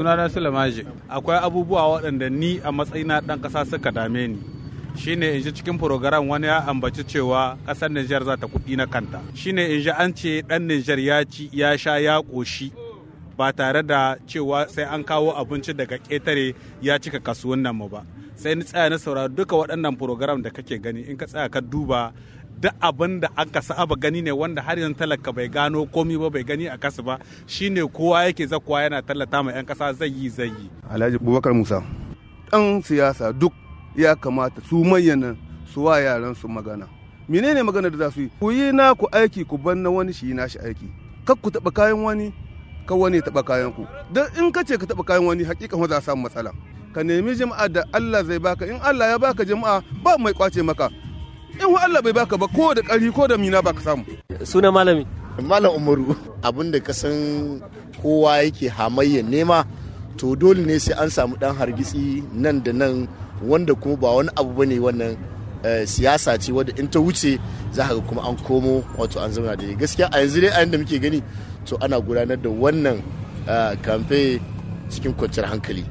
suna sunana sulamaji akwai abubuwa waɗanda ni a matsayina ɗan ƙasa suka dame ni shine in ji cikin program wani ya ambaci cewa ƙasar Nijar za ta kuɗi na kanta shine in ji an ce ɗan Nijar ya ci ya sha ya ƙoshi ba tare da cewa sai an kawo abinci daga ƙetare ya cika kasuwan nan mu ba sai ni tsaya na saurari duka waɗannan program da kake gani in ka tsaya ka duba duk abin da aka saba gani ne wanda har yanzu talaka bai gano komi ba bai gani a kasa ba shine kowa yake zakuwa yana tallata ma 'yan kasa zai yi zai yi alhaji bubakar musa dan siyasa duk ya kamata su manyan su wa yaran su magana menene magana da za su yi ku yi naku aiki ku bar na wani shi na shi aiki kar ku taba kayan wani ka wani taba kayan ku dan in ka ce ka taba kayan wani hakikan za a samu matsala ka nemi jama'a da Allah zai baka in Allah ya baka jama'a ba mai kwace maka in Allah bai baka ba ko da ƙari ko da mina baka samu suna malami malam umaru abin da ka san kowa yake hamayya nema to dole ne sai an samu dan hargitsi nan da nan wanda kuma ba wani abu bane wannan eh, siyasa ce wadda in ta wuce za ka kuma an komo wato an zauna da gaskiya a yanzu dai a yanda muke gani to ana gudanar da wannan eh, kamfe cikin kwanciyar hankali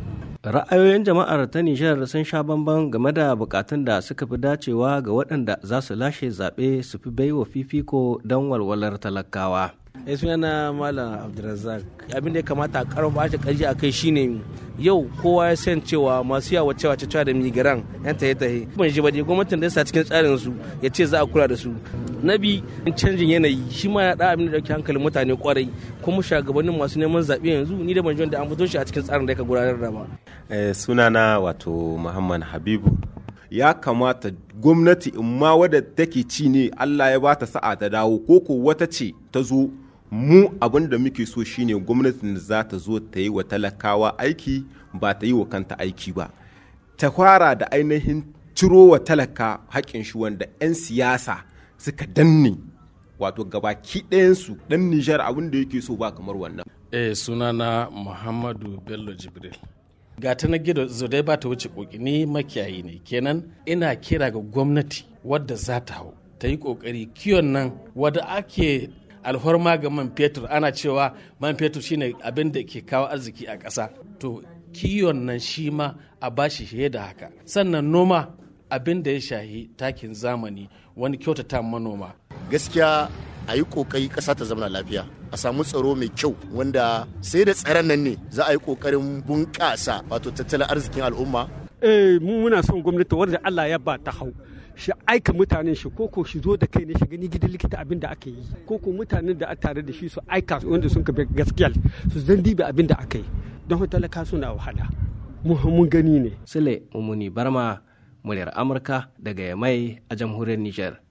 Ra'ayoyin jama'ar ta Nijar sun sha bamban game da bukatun da suka fi dacewa ga waɗanda za su lashe zaɓe su fi baiwa fifiko don walwalar talakawa. ya eh, na malam abdulrazak abin da ya kamata a karo ba a a kai shine yau kowa ya san cewa masu yawa cewa cewa da migiran yan tahe tahe ban ji ba dai gwamnatin da sa cikin tsarin su ya ce za a kula da su na bi canjin yanayi shi ma ya da abin da dauki hankalin mutane kwarai kuma shugabannin masu neman zaɓe yanzu ni da ban da an fito shi a cikin tsarin da ya ka gudanar da ba eh, sunana wato muhammad habibu ya kamata gwamnati in ma wadda take ci ne Allah ya ba ta sa'a ta dawo ko ko wata ce ta zo mu abin da muke so shine gwamnatin za ta zo ta yi wa talakawa aiki ba ta yi wa kanta aiki ba ta fara da ainihin ciro wa talaka haƙin shi wanda 'yan siyasa suka danne wato gabaki ɗayansu dan nijar abin da yake so ba kamar wannan eh sunana muhammadu bello jibril ga ta na gida zodai ba ta wuce koki ni makiyayi ne kenan ina kira ga gwamnati wadda za ta hau ta yi kokari kiyon nan wadda ake alhorma ga man fetur ana cewa man fetur shine abin da ke kawo arziki a ƙasa to kiyon nan shi ma a bashi shi da haka sannan noma abin da ya shahi takin zamani wani kyautata manoma gaskiya a yi kokari kasa ta zama lafiya a samu tsaro mai kyau wanda sai da tsaron nan ne za a yi kokarin bunƙasa wato tattalin arzikin al'umma eh mu muna son gwamnati wanda Allah ya ba ta hau shi aika mutanen shi koko shi zo da kai ne shi gani gidan likita abin da aka yi koko mutanen da a tare da shi su aika wanda sun ka gaskiya su zan dibe abin da aka yi don talaka suna wahala mun gani ne sule umuni barma muryar amurka daga yamai a jamhuriyar niger